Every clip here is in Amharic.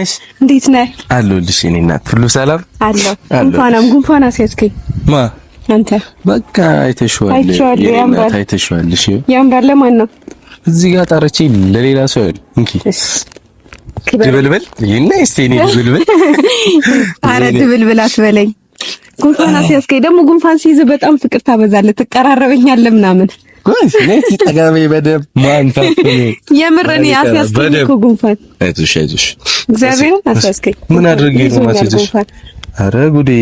ነሽ? እንዴት ነህ? አለሁልሽ የእኔ እናት፣ ሁሉ ሰላም አለሁ። ጉንፋናም ጉንፋን አስያዝከኝ። ማ አንተ በቃ አይተሽዋል፣ አይተሽዋል። እሺ ያምራል። ለማን ነው እዚህ ጋር ጣረቼ ለሌላ ሰው አይደል? እንኪ ድብልብል ይሄን ስቴኒ ድብልብል፣ አረ ድብልብል አትበለኝ። ጉንፋን አስያዝከኝ ደግሞ። ጉንፋን ሲይዝ በጣም ፍቅር ታበዛለህ፣ ትቀራረበኛለህ ምናምን ጠገቤ በደምብ ማንሳት የምር እኔ እኮ ጉንፋን። አይዞሽ አይዞሽ፣ እግዚአብሔርን አስያዝከኝ። ምን አድርጌ ነው ማስያዝሽ? ኧረ ጉዴ!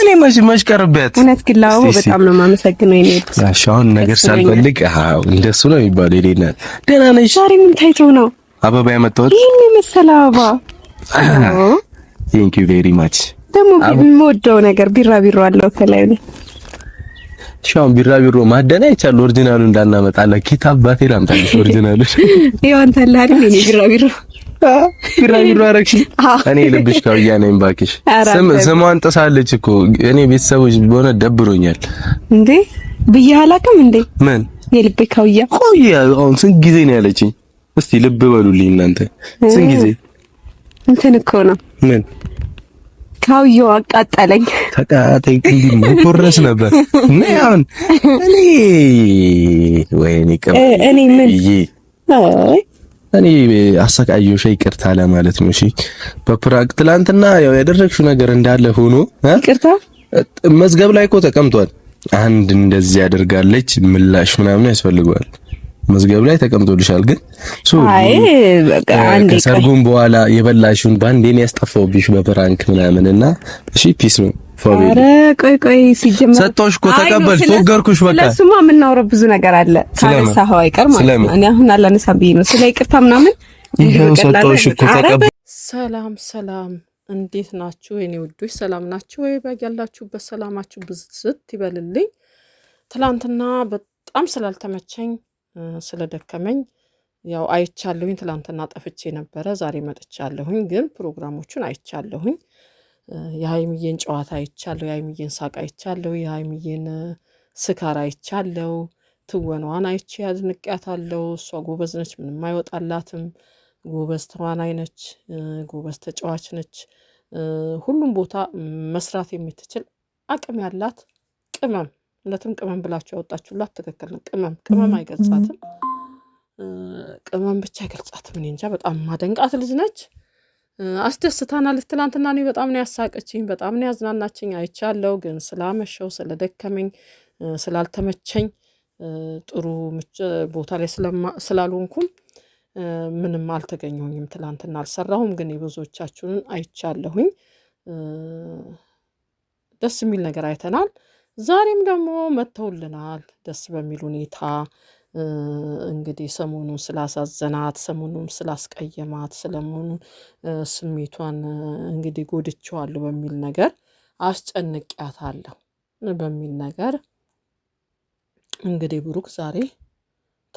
እኔ መች መች ቀርበት። እውነት ግን ላው በጣም ነው የማመሰግነው። የኔ እሺ፣ አሁን ነገር ሳልፈልግ አዎ፣ እንደሱ ነው የሚባለው። ይሄና ደህና ነሽ? ዛሬ ምን ታይቶ ነው አበባ ያመጣሁት? ይሄን የመሰለ አበባ። ቴንክ ዩ ቬሪ ማች። ደግሞ የምወደው ነገር ቢራቢሮ አለው ከላይ ነው ሻውን ቢራቢሮ ማደን አይቻል ኦሪጂናሉ እንዳናመጣለ ኪታ አባቴ ላምጣልሽ ኦሪጂናሉ ይዋን ታላሪ ነው ቢራቢሮ ቢራቢሮ አረክሽ እኔ ልብሽ ካውያ ነኝ ባክሽ ስም ስሟን ጥሳለች እኮ እኔ ቤተሰቦች በሆነ ደብሮኛል እንዴ ብዬሽ አላውቅም እንዴ ምን የልብ ካውያ ቆያ አሁን ስንት ጊዜ ነው ያለችኝ እስቲ ልብ በሉልኝ እናንተ ስንት ጊዜ እንትን እኮ ነው ምን ሰውዬው አቃጠለኝ። ተቃጠይ ኮረስ ነበር እኔ አሁን እኔ ወይኔ ቀብ እኔ ምን እኔ አሰቃየሁሽ ይቅርታ ለማለት ነው። እሺ በፕራግ ትላንትና ያው ያደረግሽው ነገር እንዳለ ሆኖ ይቅርታ መዝገብ ላይ እኮ ተቀምጧል። አንድ እንደዚህ ያደርጋለች ምላሽ ምናምን ያስፈልገዋል። መዝገብ ላይ ተቀምጦልሻል። ግን ከሰርጉም በኋላ የበላሽውን ባንዴን ያስጠፋውብሽ በፕራንክ ምናምን እና እሺ፣ ፒስ ነው። ኧረ ቆይ ቆይ፣ ሲጀመር ሰጠሁሽ እኮ ተቀበል፣ ፎገርኩሽ። በቃ ስለሱማ የምናወራው ብዙ ነገር አለ። ካነሳኸው አይቀር ማለት ነው። እኔ አሁን አላነሳም ብዬ ነው። ስለ ይቅርታ ምናምን ይሄው ሰጠሁሽ እኮ ተቀበል። ሰላም ሰላም፣ እንዴት ናችሁ የኔ ውዶች? ሰላም ናችሁ ወይ? ባያላችሁበት ሰላማችሁ ብዝት ይበልልኝ። ትላንትና በጣም ስላልተመቸኝ ስለደከመኝ ያው አይቻለሁኝ። ትላንትና ጠፍቼ ነበረ። ዛሬ መጥቻለሁኝ፣ ግን ፕሮግራሞቹን አይቻለሁኝ። የሀይምዬን ጨዋታ አይቻለሁ፣ የሀይምዬን ሳቅ አይቻለሁ፣ የሀይምዬን ስካር አይቻለሁ። ትወናዋን አይቼ አድንቄያታለሁ። እሷ ጎበዝ ነች፣ ምንም አይወጣላትም። ጎበዝ ተዋናይ ነች፣ ጎበዝ ተጫዋች ነች። ሁሉም ቦታ መስራት የምትችል አቅም ያላት ቅመም ለትም ቅመም ብላችሁ ያወጣችሁላት ትክክል ነው። ቅመም ቅመም አይገልጻትም። ቅመም ብቻ አይገልጻትም። እኔ እንጃ በጣም ማደንቃት ልጅ ነች። አስደስታናለች። ትናንትና እኔ በጣም ነው ያሳቀችኝ፣ በጣም ነው ያዝናናችኝ። አይቻለው ግን ስላመሸው ስለደከመኝ ስላልተመቸኝ ጥሩ ቦታ ላይ ስላልሆንኩም ምንም አልተገኘሁኝም። ትላንትና አልሰራሁም፣ ግን የብዙዎቻችሁን አይቻለሁኝ። ደስ የሚል ነገር አይተናል። ዛሬም ደግሞ መጥተውልናል ደስ በሚል ሁኔታ። እንግዲህ ሰሞኑን ስላሳዘናት ሰሞኑን ስላስቀየማት ስለመሆኑ ስሜቷን እንግዲህ ጎድቼዋለሁ በሚል ነገር አስጨንቅያታለሁ በሚል ነገር እንግዲህ ብሩክ ዛሬ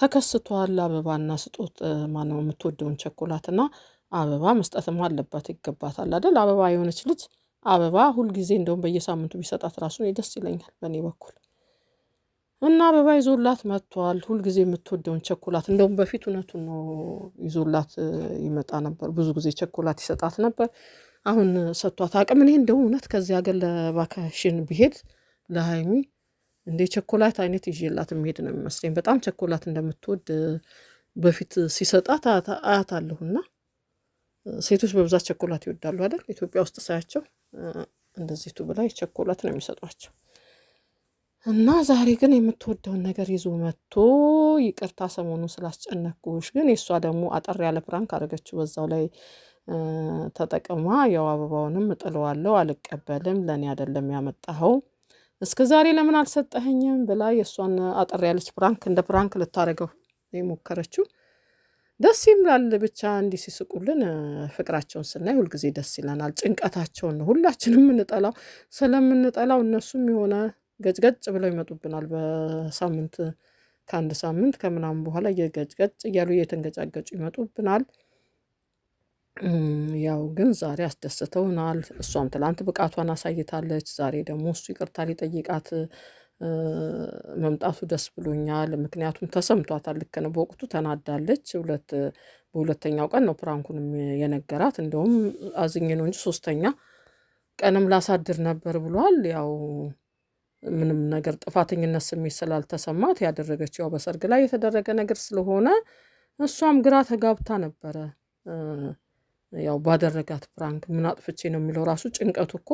ተከስቷል። አበባና ስጦት ማነው የምትወደውን ቸኮላትና አበባ መስጠትም አለባት ይገባታል አይደል? አበባ የሆነች ልጅ አበባ ሁልጊዜ እንደውም በየሳምንቱ ቢሰጣት ራሱ ደስ ይለኛል በእኔ በኩል። እና አበባ ይዞላት መጥቷል ሁልጊዜ የምትወደውን ቸኮላት እንደውም በፊት እውነቱ ነው ይዞላት ይመጣ ነበር ብዙ ጊዜ ቸኮላት ይሰጣት ነበር። አሁን ሰጥቷት አቅም እኔ እንደው እውነት ከዚህ ሀገር ለቫካሽን ብሄድ ለሀይሚ እንደ ቸኮላት አይነት ይዤላት የምሄድ ነው የሚመስለኝ በጣም ቸኮላት እንደምትወድ በፊት ሲሰጣት አለሁና ሴቶች በብዛት ቸኮላት ይወዳሉ አይደል? ኢትዮጵያ ውስጥ ሳያቸው እንደዚህ ቱ ብላ የቸኮላት ነው የሚሰጧቸው። እና ዛሬ ግን የምትወደውን ነገር ይዞ መጥቶ ይቅርታ ሰሞኑን ስላስጨነኩሽ፣ ግን የእሷ ደግሞ አጠር ያለ ፕራንክ አደረገችው። በዛው ላይ ተጠቅማ ያው አበባውንም እጥለዋለሁ፣ አልቀበልም፣ ለእኔ አይደለም ያመጣኸው፣ እስከ ዛሬ ለምን አልሰጠኸኝም ብላ የእሷን አጠር ያለች ፕራንክ እንደ ፕራንክ ልታደርገው የሞከረችው ደስ ይምላል ብቻ እንዲህ ሲስቁልን ፍቅራቸውን ስናይ ሁልጊዜ ደስ ይለናል። ጭንቀታቸውን ነው ሁላችንም የምንጠላው ስለምንጠላው እነሱም የሆነ ገጭገጭ ብለው ይመጡብናል። በሳምንት ከአንድ ሳምንት ከምናምን በኋላ እየገጭገጭ እያሉ እየተንገጫገጩ ይመጡብናል። ያው ግን ዛሬ አስደስተውናል። እሷም ትላንት ብቃቷን አሳይታለች። ዛሬ ደግሞ እሱ ይቅርታ ሊጠይቃት መምጣቱ ደስ ብሎኛል። ምክንያቱም ተሰምቷታል። ልክ ነው። በወቅቱ ተናዳለች። ሁለት በሁለተኛው ቀን ነው ፕራንኩንም የነገራት። እንደውም አዝኜ ነው እንጂ ሶስተኛ ቀንም ላሳድር ነበር ብሏል። ያው ምንም ነገር ጥፋተኝነት ስሜት ስላልተሰማት ያደረገችው ያው በሰርግ ላይ የተደረገ ነገር ስለሆነ እሷም ግራ ተጋብታ ነበረ። ያው ባደረጋት ፕራንክ ምን አጥፍቼ ነው የሚለው ራሱ ጭንቀቱ እኮ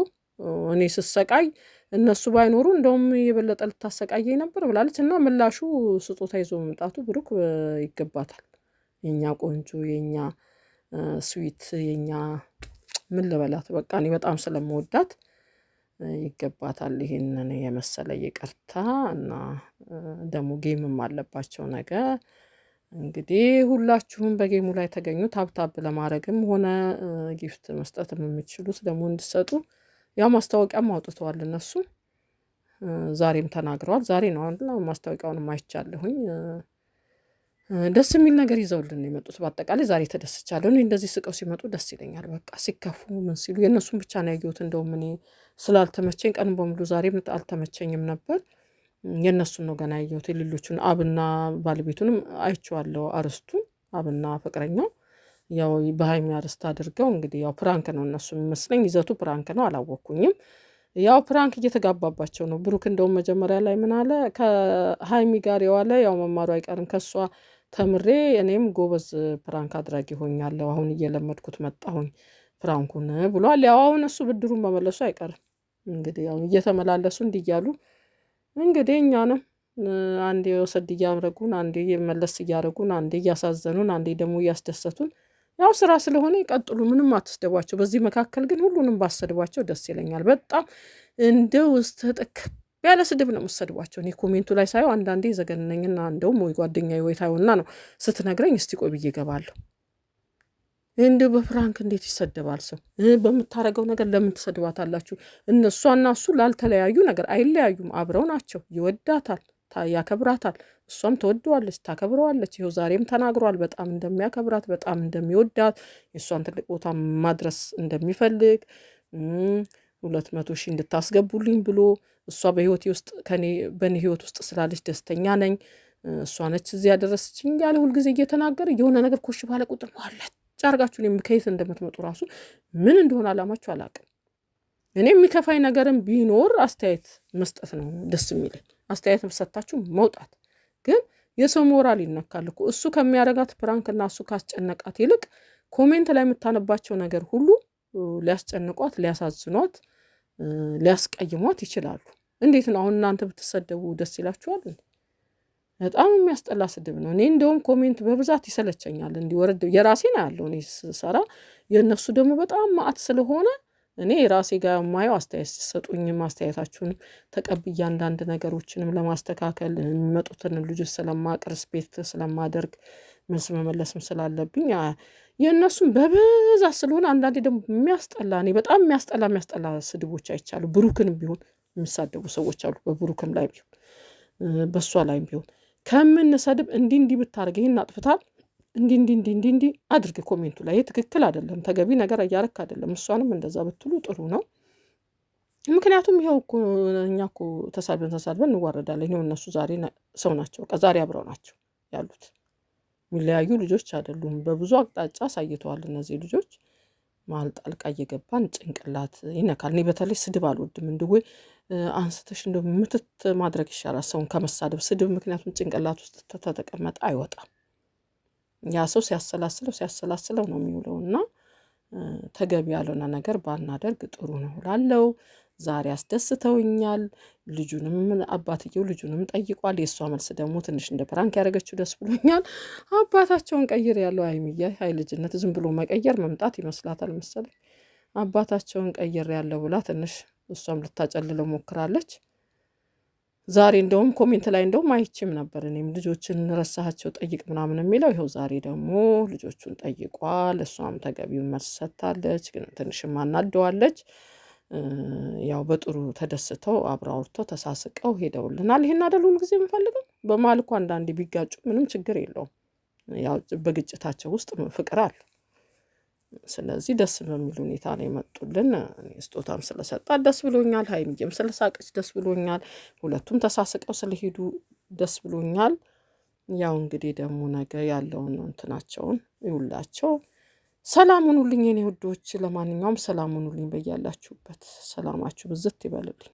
እኔ ስሰቃይ እነሱ ባይኖሩ እንደውም የበለጠ ልታሰቃየኝ ነበር ብላለች። እና ምላሹ ስጦታ ይዞ መምጣቱ ብሩክ ይገባታል። የኛ ቆንጆ፣ የኛ ስዊት፣ የኛ ምን ልበላት በቃ እኔ በጣም ስለምወዳት ይገባታል ይህንን የመሰለ ይቅርታ። እና ደግሞ ጌምም አለባቸው ነገ። እንግዲህ ሁላችሁም በጌሙ ላይ ተገኙ። ታብታብ ለማድረግም ሆነ ጊፍት መስጠት የምችሉት ደግሞ እንድሰጡ ያው ማስታወቂያም አውጥተዋል እነሱ ዛሬም ተናግረዋል። ዛሬ ነው አሁን ማስታወቂያውን አይቻለሁኝ። ደስ የሚል ነገር ይዘውልን የመጡት በአጠቃላይ ዛሬ ተደስቻለሁ። እንደዚህ ስቀው ሲመጡ ደስ ይለኛል። በቃ ሲከፉ ምን ሲሉ የእነሱን ብቻ ነው ያየሁት። እንደውም እኔ ስላልተመቸኝ ቀን በሙሉ ዛሬም አልተመቸኝም ነበር። የእነሱን ነው ገና ያየሁት። የሌሎቹን አብና ባለቤቱንም አይቼዋለሁ። አርስቱ አብና ፍቅረኛው ያው በሀይሚ አርስት አድርገው እንግዲህ ያው ፕራንክ ነው እነሱ የሚመስለኝ ይዘቱ ፕራንክ ነው አላወቅኩኝም። ያው ፕራንክ እየተጋባባቸው ነው። ብሩክ እንደውም መጀመሪያ ላይ ምን አለ ከሀይሚ ጋር የዋለ ያው መማሩ አይቀርም ከእሷ ተምሬ እኔም ጎበዝ ፕራንክ አድራጊ ሆኛለሁ፣ አሁን እየለመድኩት መጣሁኝ ፕራንኩን ብሏል። ያው አሁን እሱ ብድሩን መመለሱ አይቀርም እንግዲህ ያው እየተመላለሱ እንዲህ እያሉ እንግዲህ እኛንም አንዴ ወሰድ እያረጉን፣ አንዴ መለስ እያረጉን፣ አንዴ እያሳዘኑን፣ አንዴ ደግሞ እያስደሰቱን ያው ስራ ስለሆነ ይቀጥሉ፣ ምንም አትስደቧቸው። በዚህ መካከል ግን ሁሉንም ባሰድቧቸው ደስ ይለኛል። በጣም እንደ ውስጥ ጥቅ ያለ ስድብ ነው የምሰድቧቸው። እኔ ኮሜንቱ ላይ ሳየው አንዳንዴ ዘገነኝና እንደውም ወይ ጓደኛ ወይ ነው ስትነግረኝ፣ እስቲ ቆይ ብዬ እገባለሁ። እንዲሁ በፍራንክ እንዴት ይሰደባል ሰው? በምታረገው ነገር ለምን ትሰድባታላችሁ? እነሷና እሱ ላልተለያዩ ነገር አይለያዩም፣ አብረው ናቸው፣ ይወዳታል ያከብራታል። እሷም ትወደዋለች፣ ታከብረዋለች። ይኸው ዛሬም ተናግሯል በጣም እንደሚያከብራት፣ በጣም እንደሚወዳት፣ የእሷን ትልቅ ቦታ ማድረስ እንደሚፈልግ ሁለት መቶ ሺህ እንድታስገቡልኝ ብሎ እሷ በህይወቴ ውስጥ ከኔ በእኔ ህይወት ውስጥ ስላለች ደስተኛ ነኝ፣ እሷ ነች እዚህ ያደረሰችኝ ያለ ሁልጊዜ እየተናገረ የሆነ ነገር ኮሽ ባለ ቁጥር ዋለች አርጋችሁን ከየት እንደምትመጡ ራሱ ምን እንደሆነ አላማችሁ አላውቅም። እኔ የሚከፋኝ ነገርም ቢኖር አስተያየት መስጠት ነው ደስ የሚለኝ። አስተያየትም ሰጥታችሁ መውጣት። ግን የሰው ሞራል ይነካል እኮ እሱ ከሚያደርጋት እና እሱ ካስጨነቃት ይልቅ ኮሜንት ላይ የምታነባቸው ነገር ሁሉ ሊያስጨንቋት፣ ሊያሳዝኗት፣ ሊያስቀይሟት ይችላሉ። እንዴት ነው አሁን እናንተ ብትሰደቡ ደስ ይላችኋል? በጣም የሚያስጠላ ስድብ ነው። እኔ እንደውም ኮሜንት በብዛት ይሰለቸኛል። እንዲወረድ ነው ያለው እኔ ስሰራ የእነሱ ደግሞ በጣም ማአት ስለሆነ እኔ ራሴ ጋር የማየው አስተያየት ሲሰጡኝም አስተያየታችሁንም ተቀብዬ አንዳንድ ነገሮችንም ለማስተካከል የሚመጡትን ልጆች ስለማቅርስ ቤት ስለማደርግ መልስ መመለስም ስላለብኝ የእነሱም በብዛት ስለሆነ አንዳንዴ ደግሞ የሚያስጠላ እኔ በጣም የሚያስጠላ የሚያስጠላ ስድቦች አይቻሉ። ብሩክን ቢሆን የሚሳደቡ ሰዎች አሉ። በብሩክም ላይ ቢሆን በእሷ ላይም ቢሆን ከምንሰድብ እንዲህ እንዲህ ብታደርግ ይህን አጥፍታል እንዲ እንዲ አድርግ ኮሜንቱ ላይ ትክክል አይደለም፣ ተገቢ ነገር እያረክ አይደለም። እሷንም እንደዛ ብትሉ ጥሩ ነው። ምክንያቱም ይኸው እኮ እኛ እኮ ተሳድበን ተሳድበን እንዋረዳለን። ይኸው እነሱ ዛሬ ሰው ናቸው፣ ዛሬ አብረው ናቸው ያሉት። የሚለያዩ ልጆች አይደሉም። በብዙ አቅጣጫ አሳይተዋል። እነዚህ ልጆች መሀል ጣልቃ እየገባን ጭንቅላት ይነካል። እኔ በተለይ ስድብ አልወድም። ወይ አንስተሽ እንደ ምትት ማድረግ ይሻላል ሰውን ከመሳደብ ስድብ። ምክንያቱም ጭንቅላት ውስጥ ተተቀመጠ አይወጣም። ያ ሰው ሲያሰላስለው ሲያሰላስለው ነው የሚውለው እና ተገቢ ያልሆነ ነገር ባናደርግ ጥሩ ነው ላለው ዛሬ አስደስተውኛል። ልጁንም አባትየው ልጁንም ጠይቋል። የእሷ መልስ ደግሞ ትንሽ እንደ ፕራንክ ያደረገችው ደስ ብሎኛል። አባታቸውን ቀይር ያለው አይምያ ሀይ ልጅነት ዝም ብሎ መቀየር መምጣት ይመስላታል መሰለኝ። አባታቸውን ቀይር ያለው ብላ ትንሽ እሷም ልታጨልለው ሞክራለች። ዛሬ እንደውም ኮሜንት ላይ እንደውም አይችም ነበር እኔም ልጆችን ረሳቸው ጠይቅ ምናምን የሚለው ይኸው ዛሬ ደግሞ ልጆቹን ጠይቋል። እሷም ተገቢውን መልስ ሰጥታለች፣ ግን ትንሽም አናደዋለች። ያው በጥሩ ተደስተው አብረው አውርተው ተሳስቀው ሄደውልናል። ይሄን አይደል ሁል ጊዜ የምፈልገው። በመሀል እኮ አንዳንዴ ቢጋጩ ምንም ችግር የለውም። ያው በግጭታቸው ውስጥ ፍቅር አለ። ስለዚህ ደስ በሚል ሁኔታ ነው የመጡልን። ስጦታም ስለሰጣት ደስ ብሎኛል። ሀይሚዬም ስለሳቀች ደስ ብሎኛል። ሁለቱም ተሳስቀው ስለሄዱ ደስ ብሎኛል። ያው እንግዲህ ደግሞ ነገ ያለውን እንትናቸውን ይውላቸው። ሰላሙን ሁሉኝ የኔ ውዶች፣ ለማንኛውም ሰላም ሁሉኝ በያላችሁበት፣ ሰላማችሁ ብዝት ይበልልኝ።